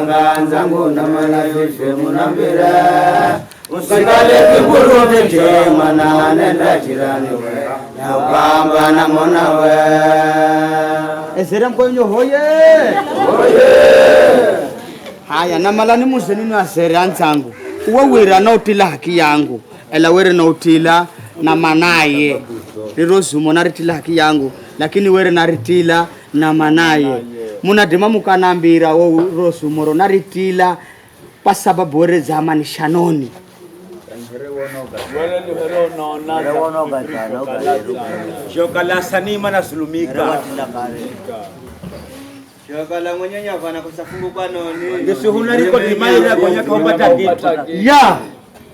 nganganzangu namalafife munambire musikale kibulume tema nane na nakamba namonawe ezere mkwenyo hoye hoye haya namalani muzenini asera nzangu uwe wira na utila haki yangu ela were utila na manaye rirozumo naritila haki yangu lakini were naritila na manaye munadhima mukanambira wo rosumo rona ritila pasababu weredzaamanisa noni shoka la sanima nasulumika ngesihuna riko dimaira konyakaombata kitu ya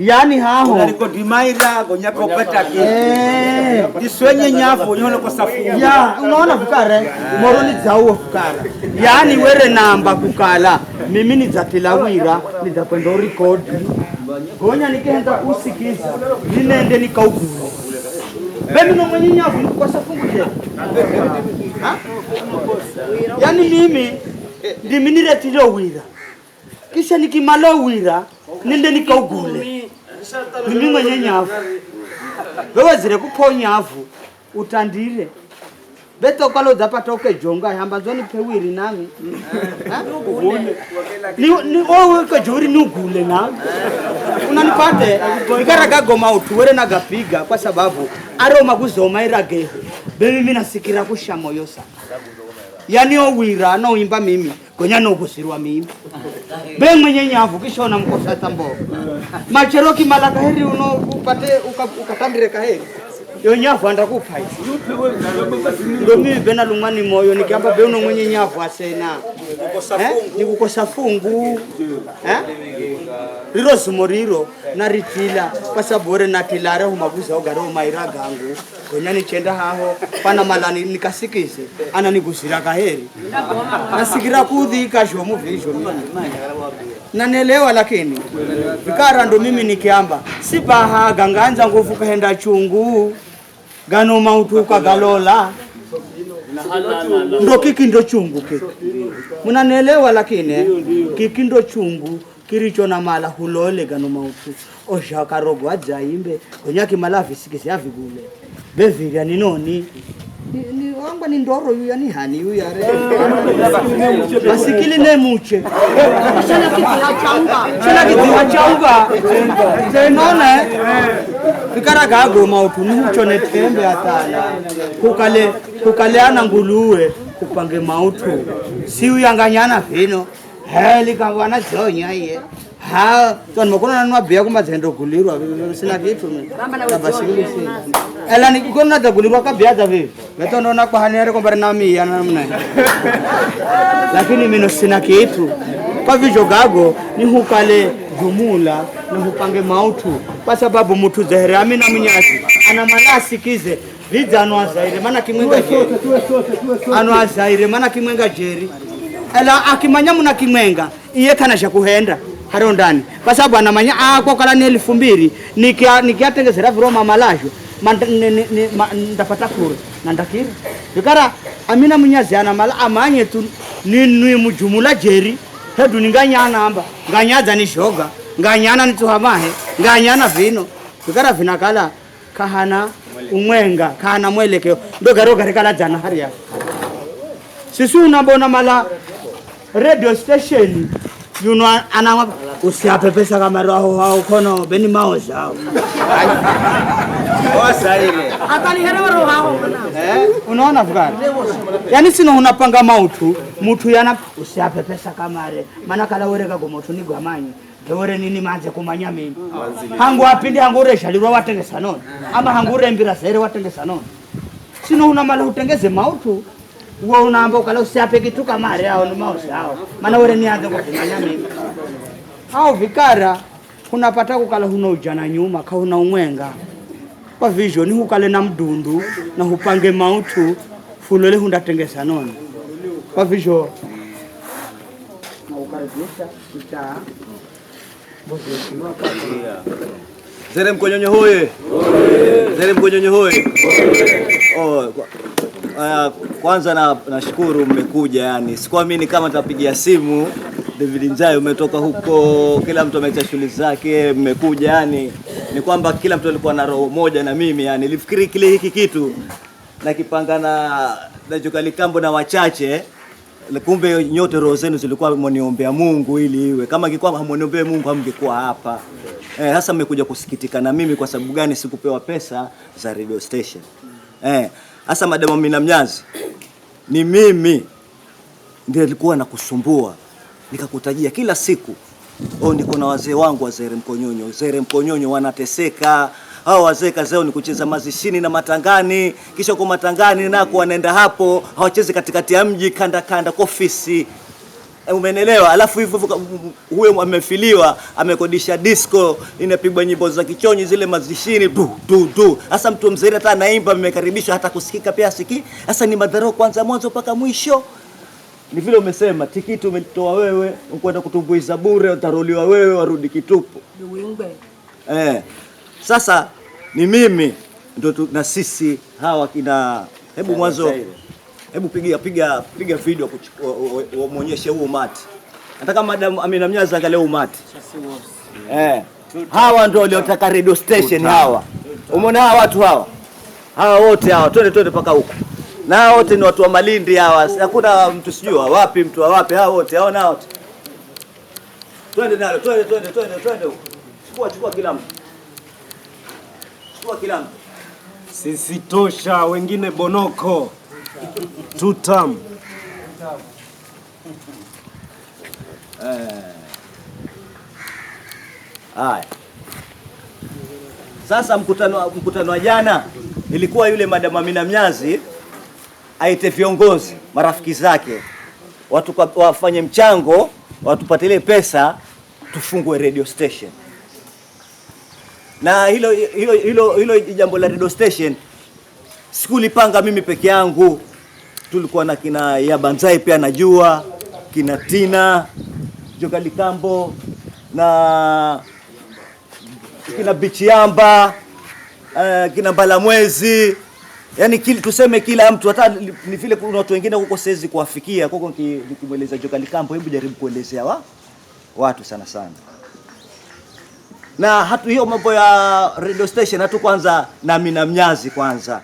yani haho unaliko dimaira gonyako pata ke hey. Eh. nyafu nyono kwa safu ya unaona fukare eh. moroni zauo fukara yani were namba kukala mimi ni za kilawira ni za kwenda record gonya nikenda kuusikiza ninende nikauguru bemi no mwenye nyafu kwa safu kuje yani mimi ndimi niretiro wira kisha nikimalo wira ninde nikauguru imingwe nyenyavu vewedzere kuponyavhu utandire vetokwalodza patoke jonga hambanzoni pewiri nami owekejouri eh, eh? niugule nami eh. unanipate ikaragagoma utuwere nagapiga kwa sababu aroma kuzoma iragehu vemi minasikira kushamoyosa yani owira imba mimi no nogusirwa mimi mwenye nyavu na mkosa tambo machero kimala kaheri uno upate ukatambire kaheri yo nyavu andakupai ndo mimi bena lungani moyo nikiamba be uno mwenye nyavu asena nikukosa eh? fungu eh? riro zumo riro naritila pasabore tilare humabuza ogaro maira gangu wena nichenda haho pana malani nikasikise ananigusira kaheri nasikira kudhika shomu visho nanelewa lakini vikara ndo mimi nikiamba sipaha ganganza nguvu kahenda chungu gano kwa galola ndo kiki ndo chungu kiki munanelewa lakini kiki ndo chungu kiricho na mala hulole gano mautu ajaimbe jaimbe onyakimala avisikise avigule bevira ni noni ni ni ndoro yuya ni hani yuya re masikili ne muche shana kiti hachanga shana kiti hachanga tenone fikara gagoma utunu chone tembe atala kukale kukale ana nguluwe kupange mautu si uyanganyana vino heli kangwana zonya iye ha tonmakonana nwabhiya kumadzendo gulirwa sina kitu basi Ela nikikona natagulirwa kabyaza vivi. Leto naona kwa haniare kwa nami ya namna. Lakini mimi sina kitu. Kwa vijo gago ni hukale jumula ni hupange mautu kwa sababu mtu zahere amina mnyasi ana manasi kize vidza anwa zaire maana kimwenga jeri anwa zaire maana kimwenga jeri ela akimanya muna kimwenga iye kana shakuhenda hario ndani kwa sababu anamanya akwa ah, kala ni elfu mbili nikiatengezera viroma malasho ndafata kuru nandakiri vikara amina munyaziana mala amanye tu ninwi mujumula jeri hedu ninganyanamba nganyadza nishoga nganyana ni nituhamahe nganyana vino vikara vinakala kahana umwenga kahana mwelekeo ndo ndogarogarekaladzana hariya sisi unabona mala radio station Usiape pesa kama roho au kono beni maoza Eh? Unaona fukara? Yaani sino unapanga mautu mutu yana usiapepesa pesa kama re maana kala wereka gomotu ni gwamanyi tewere nini manze kumanya mimi hangu apindi hangu reshalirwa watengesa noni ama hangu mbira sere watengesa noni sino unamala utengeze mautu uwo unaamba ukala usiape kitu kama ale hao nimausi hao maana wale kwa kukumanya mimi hao vikara kunapata kukala huna ujana nyuma ka huna umwenga kwa vision hukale na mdundu na hupange mautu fulole hundatengesa noni kwa vision na ukaribisha kita zere mkonyonyo hoye zere mkonyonyo hoye oh Uh, kwanza na nashukuru mmekuja, yani sikuamini kama tapigia simu David Njai, umetoka huko, kila mtu ameacha shughuli zake, mmekuja. Yani ni kwamba kila mtu alikuwa na roho moja na mimi, yani nilifikiri kile hiki kitu nakipanga na na na wachache, kumbe nyote roho zenu zilikuwa mniombea Mungu ili iwe kama, ingekuwa hamoniombee Mungu hamngekuwa hapa. Eh, mmekuja kusikitika na mimi. Kwa sababu gani? Sikupewa pesa za radio station Eh, eh, madamu Amina Mnyazi, ni mimi ndiye nilikuwa nakusumbua nikakutajia kila siku o, oh, niko na wazee wangu wazere mkonyonyo zere mkonyonyo wanateseka hao wazee kazi ni kucheza mazishini na matangani, kisha kwa matangani nako wanaenda hapo hawachezi katikati ya mji kanda kanda kwa ofisi Eh, Umenelewa? Alafu hivyo huyo amefiliwa, amekodisha disco, inapigwa nyimbo za kichonyi zile mazishini tu tu tu. Sasa mtu mzee hata anaimba, amekaribishwa hata kusikika pia siki. Sasa ni madharau kwanza mwanzo mpaka mwisho. Ni vile umesema tikiti umetoa wewe, ukwenda kutumbuiza bure, utaroliwa wewe, warudi kitupu. Eh, sasa ni mimi ndo na sisi hawa kina, hebu mwanzo hebu piga piga piga video muonyeshe huo umati. Nataka madam Amina Mnyazi angalia umati eh. Hawa ndio waliotaka radio station hawa, umeona hawa watu hawa hawa wote hawa, twende twende mpaka huko, na hawa wote ni watu wa Malindi hawa, hakuna mtu sijua wapi mtu wapi hawa wote Hawa na wote, twende nalo, twende twende twende twende huko, chukua chukua kila mtu, chukua kila mtu, sisi tosha, wengine bonoko two term haya. Eh. Sasa mkutano mkutano wa jana ilikuwa yule Madam Amina Mnyazi aite viongozi marafiki zake watu wafanye mchango watupatie ile pesa tufungue radio station, na hilo hilo hilo hilo jambo la radio station Sikulipanga mimi peke yangu, tulikuwa na kina Yabanzai pia najua kina Tina Jogalikambo na kina Bichiamba uh, eh, kina Mbalamwezi, yani kili, tuseme kila mtu, hata ni vile kuna watu wengine huko siwezi kuwafikia. huko, nikimweleza nikimweleza Jogalikambo, hebu jaribu kuelezea wa watu sana sana na hatu hiyo mambo ya radio station hatu kwanza na mina mnyazi kwanza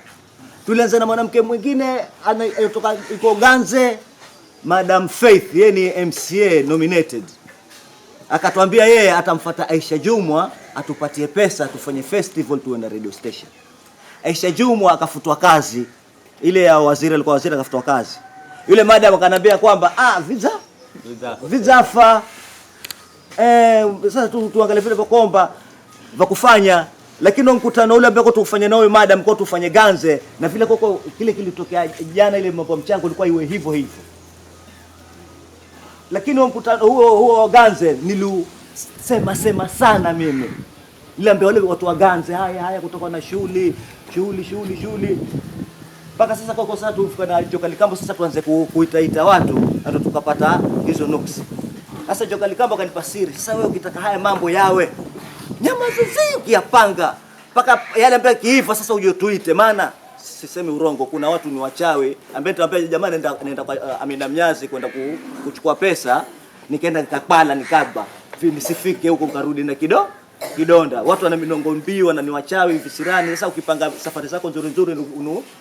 Tulianza na mwanamke mwingine anayetoka iko Ganze, Madam Faith, yeye ni MCA nominated, akatwambia yeye atamfuata Aisha Jumwa atupatie pesa tufanye festival tuwe na radio station. Aisha Jumwa akafutwa kazi ile ya waziri, alikuwa waziri akafutwa kazi. Yule madam akanambia kwamba ah, visa fa eh, sasa tuangalie vile vya kuomba vya kufanya lakini mkutano ule ambao tufanye nao madam kwa tufanye ganze na vile koko kile kilitokea jana, ile mambo mchango ilikuwa iwe hivyo hivyo, lakini mkutano huo huo wa ganze nilu sema sema sana mimi ile ambao wale watu wa ganze haya haya kutoka na shughuli shughuli shughuli shughuli mpaka sasa koko, sasa tufika na Jokali Kambo sasa tuanze kuitaita watu hata tukapata hizo nuksi. Sasa Jokali Kambo akanipa siri, sasa wewe ukitaka haya mambo yawe nyama zingi ya panga mpaka yale ambaye kiiva sasa uje tuite, maana sisemi urongo, kuna watu ni wachawi ambaye tuambia jamaa, nenda nenda kwa uh, Amina Mnyazi kwenda ku, kuchukua pesa, nikaenda nikapala nikaba hivi nisifike huko nikarudi na kido kidonda. Watu wana minongo mbiu, na ni wachawi visirani. Sasa ukipanga safari zako nzuri nzuri,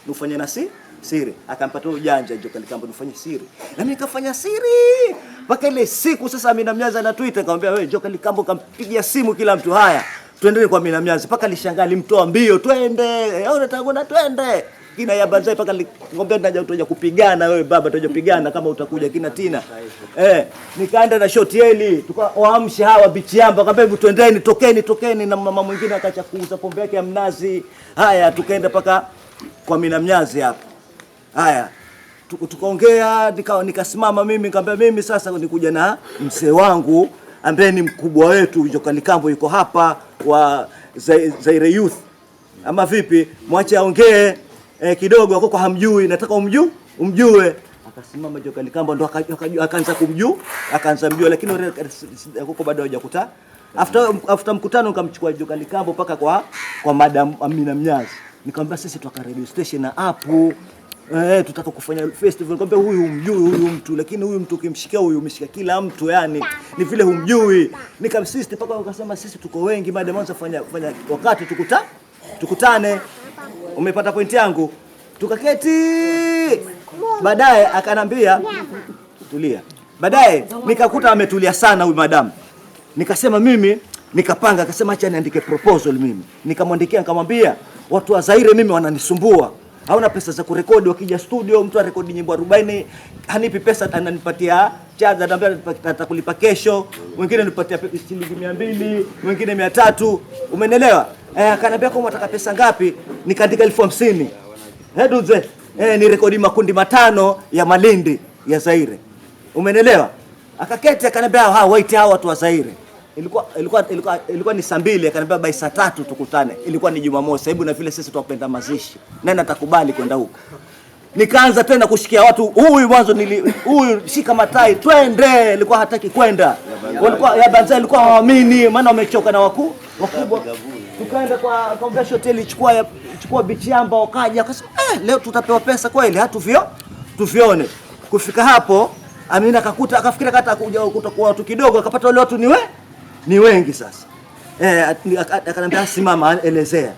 nufanye na si siri. Akampatia ujanja, ndio kalikamba nufanye siri, nami nikafanya siri mpaka ile siku sasa Amina Mnyazi anatuita, nikamwambia wewe njoo kalikambo, kampigia simu kila mtu, haya tuendelee kwa Amina Mnyanzi. Mpaka alishangaa, alimtoa mbio, twende au eh, unataka kwenda, twende kina ya banzai, mpaka nikamwambia nitaja, utoja kupigana wewe baba, tutaja pigana kama utakuja kina Tina. Eh, nikaenda na shoti heli, tukawaamsha hawa bichi yamba, akamwambia hebu twendeni, tokeni, tokeni, na mama mwingine akaacha kuuza pombe yake ya mnazi. Haya, tukaenda paka kwa Amina Mnyazi hapo. Haya, tukaongea nika, nikasimama mimi nikamwambia, mimi sasa nikuja na mzee wangu ambaye ni mkubwa wetu jokalikambo yuko hapa wa Zaire Youth, ama vipi? Mwache aongee eh, kidogo akoko hamjui, nataka umjue umjue. Akasimama Joka Likambo ndo akaanza kumjua akaanza mjua, lakini akoko bado hajakuta. After, after mkutano nikamchukua jokalikambo mpaka kwa kwa madam Amina Mnyazi, nikamwambia sisi tuka radio station na apu Eh, eh tutaka kufanya festival. Kwambia huyu humjui huyu mtu, lakini huyu mtu ukimshikia huyu umeshika kila mtu, yani ni vile humjui. Nikamsisti mpaka wakasema sisi tuko wengi, madam anza fanya fanya wakati tukuta tukutane. Umepata pointi yangu? Tukaketi. Baadaye akanambia tulia. Baadaye nikakuta ametulia sana huyu madam. Nikasema mimi nikapanga, akasema acha niandike proposal mimi. Nikamwandikia nikamwambia watu wa Zaire mimi wananisumbua hauna pesa za kurekodi. Wakija studio, mtu arekodi nyimbo 40 hanipi pesa, ananipatia chaza, ananiambia atakulipa kesho. Mwingine anipatia shilingi 200, mwingine 300, umenelewa eh? Akanambia kama unataka pesa ngapi, nikaandika elfu hamsini heduze eh, eh, ni rekodi makundi matano ya Malindi ya Zaire, umenelewa. Akaketi akanambia, ha waite hao watu wa Zaire ilikuwa ilikuwa ilikuwa, ilikuwa ni saa mbili, akaniambia bai saa tatu tukutane. Ilikuwa ni Jumamosi, hebu na vile sisi tuwapenda mazishi, nani atakubali kwenda huko? Nikaanza tena kushikia watu, huyu mwanzo nili huyu shika matai, twende, ilikuwa hataki kwenda, walikuwa ya banza, ilikuwa hawaamini, maana wamechoka na wakuu wakubwa. Tukaenda kwa kwa Hotel, ichukua ichukua bichi yamba, wakaja akasema, eh, leo tutapewa pesa kweli, hatuvyo tuvione. Kufika hapo Amina akakuta akafikiri kata kuja kutakuwa watu kidogo, akapata wale watu ni wewe ni wengi sasa. Eh, akaniambia simama, elezea.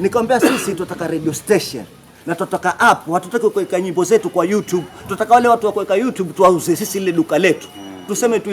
Nikamwambia sisi tunataka radio station na tunataka app, hatutaki kuweka nyimbo zetu kwa YouTube. Tunataka wale watu wa kuweka YouTube tuwauze sisi ile duka letu, tuseme tu